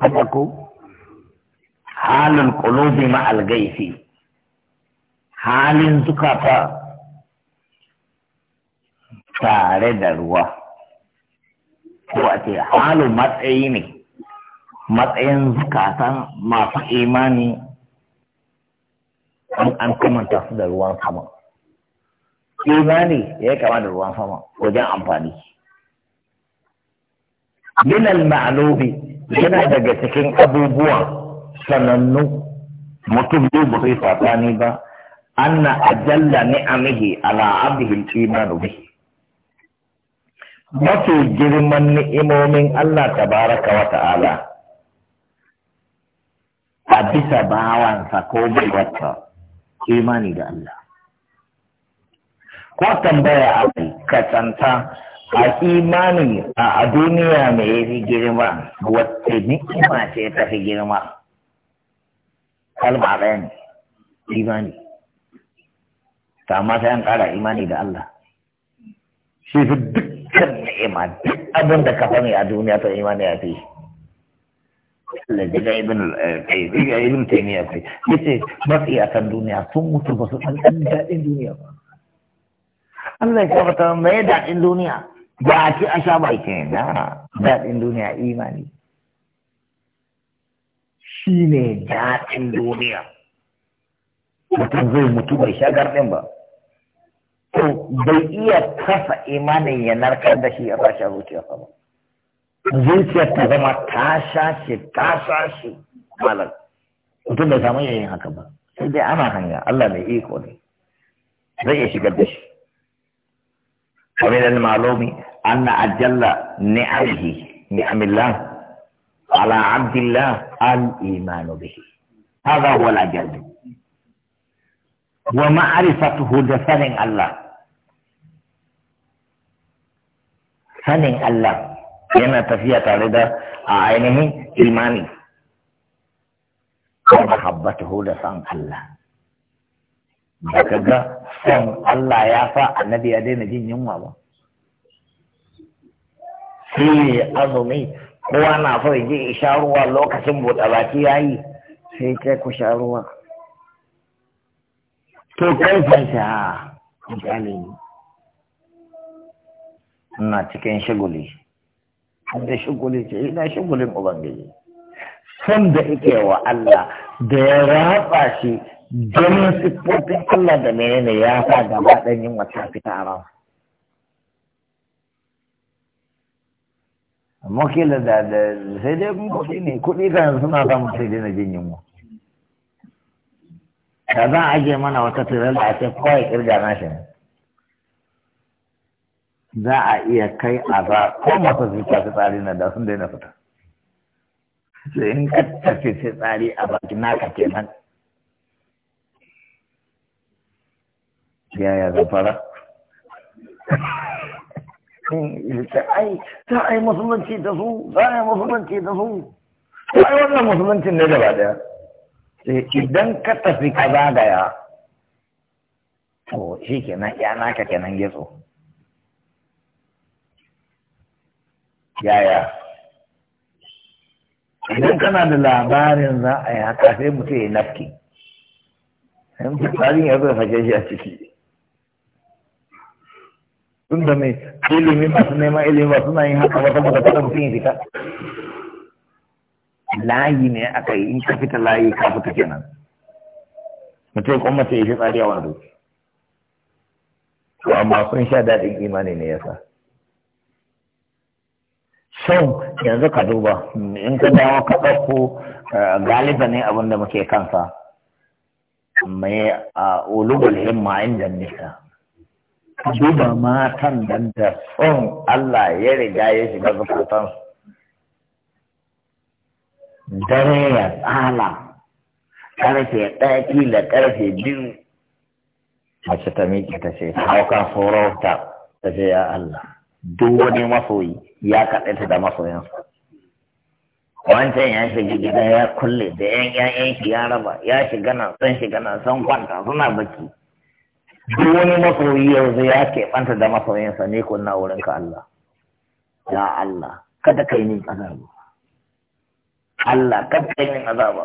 haka ko halin qulubi ma al halin zukata tare da ruwa ko a ce halu matsayi ne matsayin zukatan masu imani an kamanta su da ruwan sama imani ya kama da ruwan sama wajen amfani min al-ma'lubi yana daga cikin abubuwa sanannu mutum zai ba sai saɓani ba anna ajalla ni'amihi ala abdihi al-imanu bi mafi girman ni'imomin Allah tabaraka wa ta'ala a bisa bawansa ko wata imani da Allah ko tambaya abu ka tsanta a imani a duniya me ya fi girma wacce ni'ima ce ta fi girma kalma ɗaya ne imani ta amma sai an ƙara imani da Allah shi fi dukkan ni'ima duk abin da ka sani a duniya ta imani ya fi daga ibn daga eh, ibn taymiya kai yace matsiyakan duniya sun mutu ba su san daɗin duniya ba Allah ya kafa ta mai daɗin duniya ba a ci a sha ba ke na daɗin duniya imani shi ne daɗin duniya mutum zai mutu bai sha garɗin ba to bai iya kasa imanin ya narkar da shi ya sha zuciyarsa ba zuciyar ta zama ta sha shi ta sha shi malar mutum bai samu yayin haka ba sai dai ana hanya Allah mai iko ne zai iya shigar da shi ni malomi. أن أجل نعمه نعم الله على عبد الله الإيمان به هذا هو الأجل ومعرفته لسنن الله سنن الله لأن تفية لدى عينه إيماني ومحبته لسنن الله لكذا سنن الله يافا النبي أدين جين يوم Sai azumi kowa na so je sha ruwa lokacin buɗe baki ya yi sai kai ku sha ruwa to kai fanta misali ne ina cikin shiguli da shiguli ce ina shigulin ubangiji son da ike wa Allah da ya ratsa shi don siffofin Allah da menene ya sa gaba ɗan yin wata fita a ransa mokila da da sai dai mun kuɗi ne kuɗi kan suna samun sai dai na jin yunwa da za a ajiye mana wata tirar da ake kawai kirga na shi za a iya kai a za ko masu zuciya su tsari na da sun daina fita sai in ka tafi sai tsari a baki naka kenan yaya zafara ta ai ta ai musulunci da su za a yi musulunci da su ta ai wannan musulunci ne gaba daya sai idan ka tafi ka zagaya to shi kenan ya naka kenan getso yaya idan kana da labarin za a yi haka sai mutu ya nafki sai mutu ya zo fashe shi a ciki tun da mai ilimi masu nema ilimi ba suna yin haka ba ta mutum ya fita layi ne aka yi in ka fita layi ka fita kenan mutum kuma mace ya fi tsari a wani zuci amma sun sha daɗin imani ne yasa son yanzu ka duba in ka dawo ka ɗauko eh, galiba ne abin da muke kansa mai a ah, ulubul himma inda nisa duba matan nan da son Allah ya riga ya shiga zukatan dare ya tsala karfe ɗaya kila karfe biyu mace ta miƙe ta ce hauka sorauta ta ce ya Allah duk wani masoyi ya ta da masoyansa wancan ya shiga gida ya kulle da yan yan shi ya raba ya shiga nan san shiga nan san kwanta suna baki duk wani masoyi yanzu ya keɓanta da masoyinsa ne kunna wurin ka Allah ya Allah kada kai min azaba Allah kada kai min azaba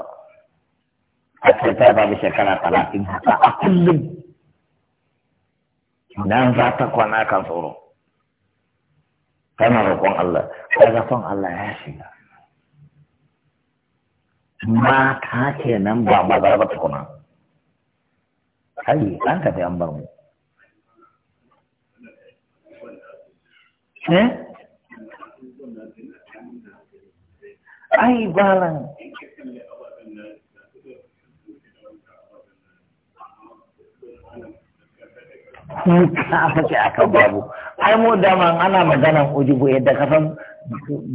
a ta babu shekara talatin haka a kullum nan za ta kwana kan tsoro tana roƙon Allah kaga son Allah ya shiga mata kenan ba maza ba tukuna kai an ka an bar mu eh ai balan ka fake akan babu ai mu dama ana magana ujubu yadda ka san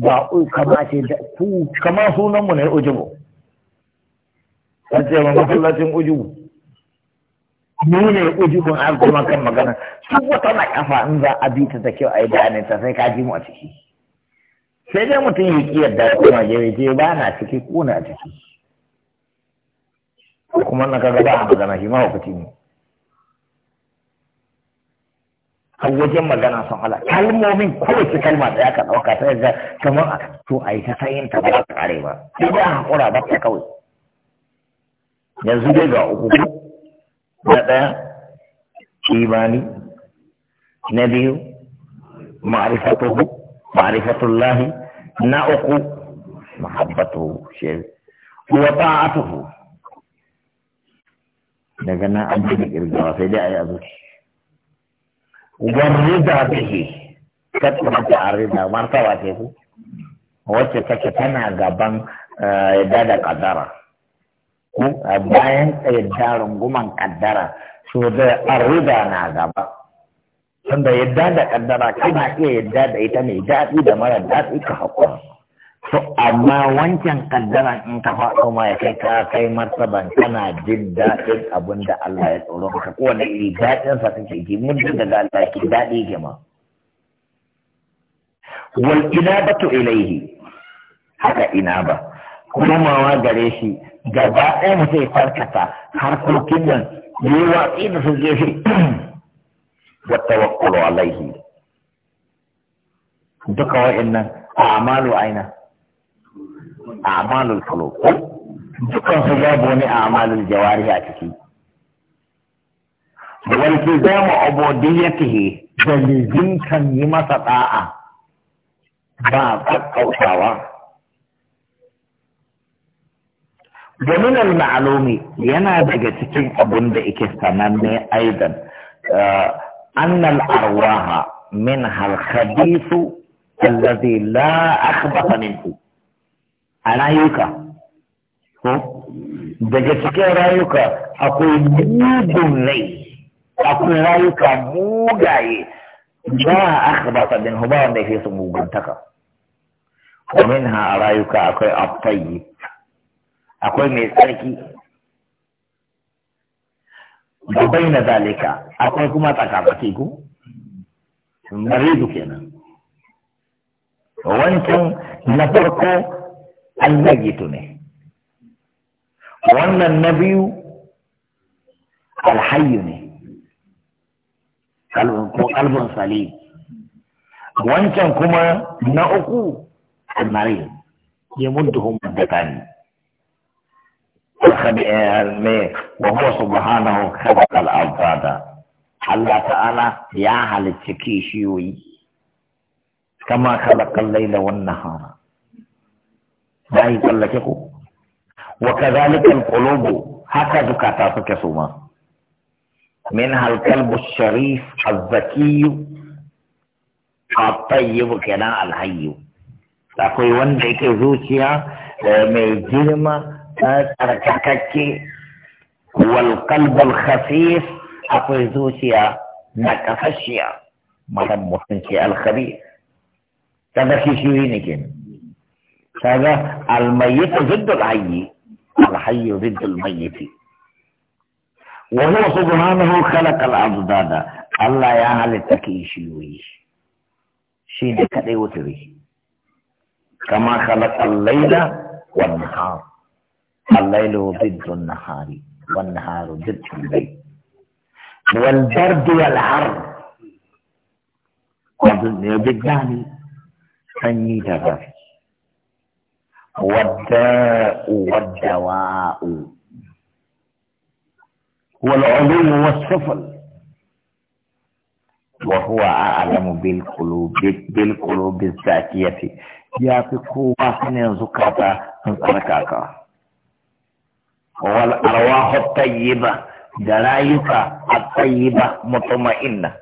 ba kama ce ku kama sunanmu mu ne ujubu ce ma masallacin ujubu ni ne ujubun arzuma kan magana sun wata na kafa in za a bi ta da kyau a yi bayanin ta sai ka ji mu a ciki sai dai mutum ya ki yadda kuma ya je ba na ciki ko na ciki kuma na kaga ba a magana shi ma hukuci ne a wajen magana sun ala kalmomin kowace kalma da ya ka ɗauka ta yadda kamar to a yi ta sayin ta ba ta ƙare ba sai dai a haƙura ba ta kawai yanzu dai ga uku ماذا إيماني نبي معرفته معرفة الله نعق محبته شيل وطاعته لكن أنا أمتلك يا والرضا به كتبت على الرضا مرتبة كيف هو كتبنا قبل دادا قدره bayan a bayan yadda runguman kaddara so da arriba na gaba Sanda yadda da kaddara kana iya yadda da ita mai daɗi da mara daɗi ka haƙura to amma wancan kaddara in ka faɗo ma ya kai ka kai martaban kana jin daɗin abin da Allah ya tsoro maka kowane iri daɗin sa kake ji muddin da Allah ke daɗi ke ma wal inabatu ilaihi haka ina ba komawa gare shi gaba ɗaya mu sai farkata harkokin nan yi watsi da su gefe wa tawakkulu alaihi duka a a'malu aina a'malul qulub dukan su babu wani a'malul jawari a ciki wal kizamu ubudiyyatihi da lizinkan yi masa da'a ba kakkautawa da min yana daga cikin abun da yake sananne aidan eh, annal ha min hal khabithu allazi la akhbata minhu anayuka ko daga cikin rayuka akwai mudun rai akwai rayuka mugaye ba a akhbata minhu ba wanda yake su mugantaka ومنها akwai أكو أبطيب akwai mai tsarki da bai na zalika akwai kuma tsakamake ku maridu kenan wancan na farko almayitu ne wannan na biyu alhayu ne ko kalbin salim wancan kuma na uku almarid ya muddu hun da وهو سبحانه خلق الأضداد الله تعالى يا هل تكيشيوي كما خلق الليل والنهار ما وكذلك القلوب هكذا كتاتك سوما منها الكلب الشريف الذكي الطيب كنا الحي akwai wanda yake zuciya mai girma الاستاذ ركككي والقلب الخفيف اقوزوشيا نكفشيا مهم مخنشي الخبيث كذا في شوينك كذا الميت ضد الحي الحي ضد الميت وهو سبحانه خلق الاضداد الله يا هل تكيشيوي شيء كما خلق الليل والنهار الليل ضد النهار والنهار ضد الليل والبرد والعر ضد يعني سني دغافي والداء والدواء والعلوم والسفل وهو أعلم بالقلوب بالقلوب الذاتية يا في قوة سنين زكاة wal arwahu tayyibah da rayuka at-tayyiba mutma'inna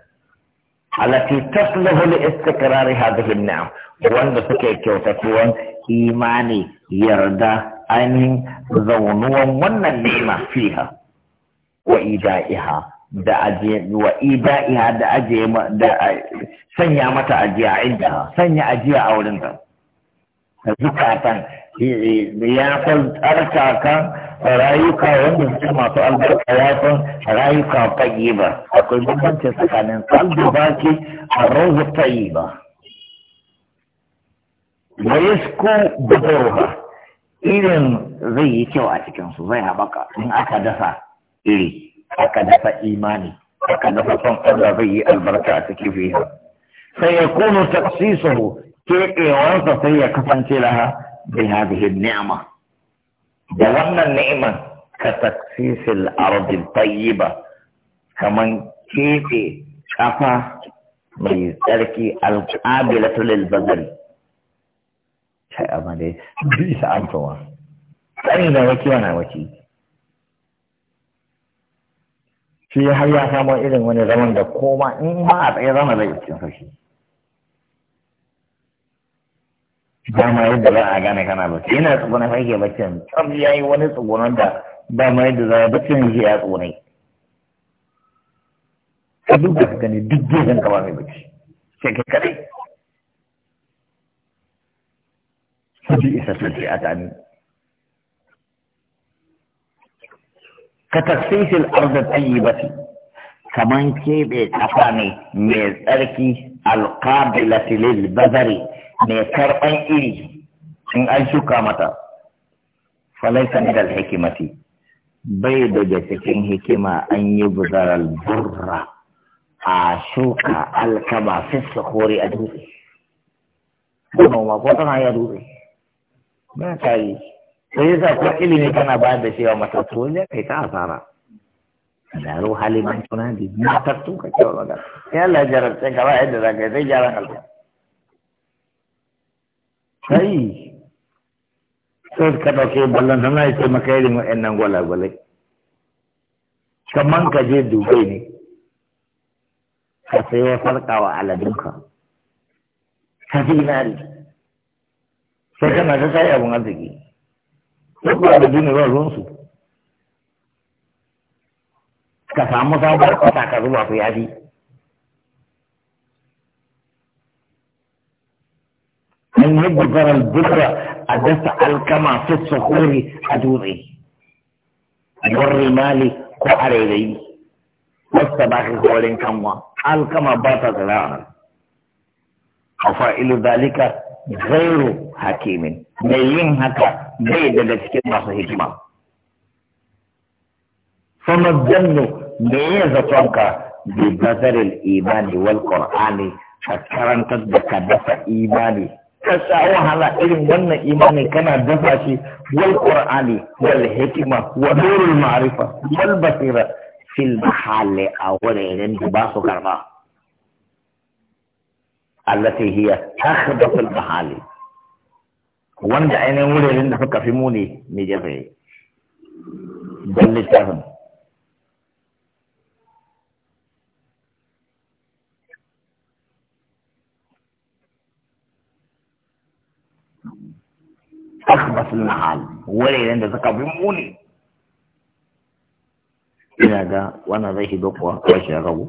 allati tasluhu li istiqrari hadhihi an-ni'am wanda suke kyautatuwan imani yarda ainihin zaunuwan wannan ni'ima fiha wa ida'iha da aje wa ida'iha da aje da sanya mata ajiya inda sanya ajiya a wurin ta zukatan ya san tsarkaka rayuka wanda suke masu albarka ya san rayuka fage ba akwai bambanci tsakanin ba ke a rozu yi ba wa yasku irin zai yi kyau a cikinsu zai haɓaka in aka dasa iri aka dasa imani aka dasa son Allah zai yi albarka a cikin fiye sai ya kunu taksisahu keɓewansa sai ya kasance laha بهذه النعمة دلنا النعمة كتكسيس الأرض الطيبة كمن كيف شفا من ذلك القابلة للبذل شيء أمالي بيس أنتوا ثاني وكي وانا وكي في ya samu إذن wani zaman da koma in ba a tsaye zama zai dama yadda za a gane kana bacci yana tsuguna fa yake baccin tsam ya yi wani tsugunan da dama yadda za a baccin yake ya tsugunai ka duba ka gani duk gefen ka ba mai bacci sai kai kadai sabi isa sai a gani ka taksisil arda tayyibati kaman kebe kafa ne mai tsarki alqabilati lil bazari mai karɓan iri in an shuka mata falaisa min al-hikimati bai daga cikin hikima an yi buzarar burra a shuka alkama fissa kore a dutse ma ko tana ya dutse ba ta yi sai yasa ko ilimi kana ba da cewa matattu wajen kai ta asara daro haliman tunani matattu ka kewa magana ya Allah jarabta gaba yadda za ka yi sai jarar alkama kai sai ka dauke ballan sana ya ce maka irin wa'annan gwalagwalai kaman ka je dubai ne ka ya farka wa aladunka ka nari sai kana ta sai abun arziki sai ku da dinin ba su ka samu sabon kwata ka zuba su yadi. مزر البكرة أدفع الكما في الصخور أدوري أدور مالي كعري لي والصباح خولين كموا الكما باتا زراعنا وفائل ذلك غير حكيم ميين هكا بيد لسكين مصر هكما فما الظن ميزة تنكا ببذر الإيمان والقرآن فكرنت تدك دفع إيماني ka sha wahala irin wannan imanin kana dafa shi wal qur'ani wal hikima wa nurul ma'rifa wal basira fil mahalli a wurin da ba su karba allati hiya akhdafu al mahalli wanda ainihin wurin da suka fi muni ne jafe dan littafin akhbasul mahal wuraren da suka fi muni ina ga wannan zai shiga kuwa kawai shi ya rabu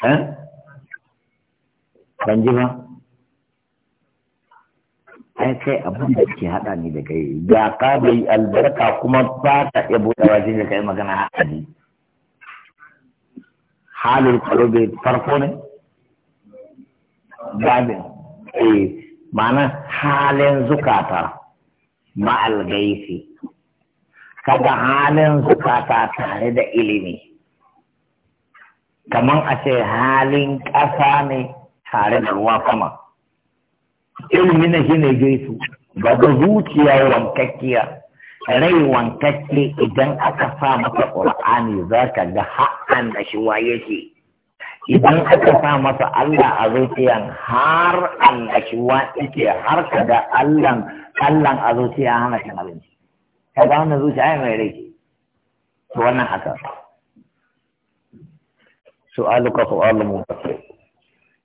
sai ban ji ba ai kai abin da ke haɗa ni da kai ga ka bai albarka kuma ba ta iya buɗe wajen da kai magana haɗari halin kwaro bai farko ne babin eh ma'ana halin zukata ma'al gaisi kaga halin zukata tare da ilimi kamar a ce halin ƙasa ne tare da ruwa kuma. ilimi na shi ne gaisu ga zuciya wankakkiya rai wankakke idan aka sa mata ƙur'ani za ka ga ha'an da shi waye shi idan aka sa masa Allah a zuciyan har Allah shi wa yake har ka da Allah Allah a zuciya hana shi abinci ka ga wannan zuciya mai rai to wannan haka ka su'alu mutasil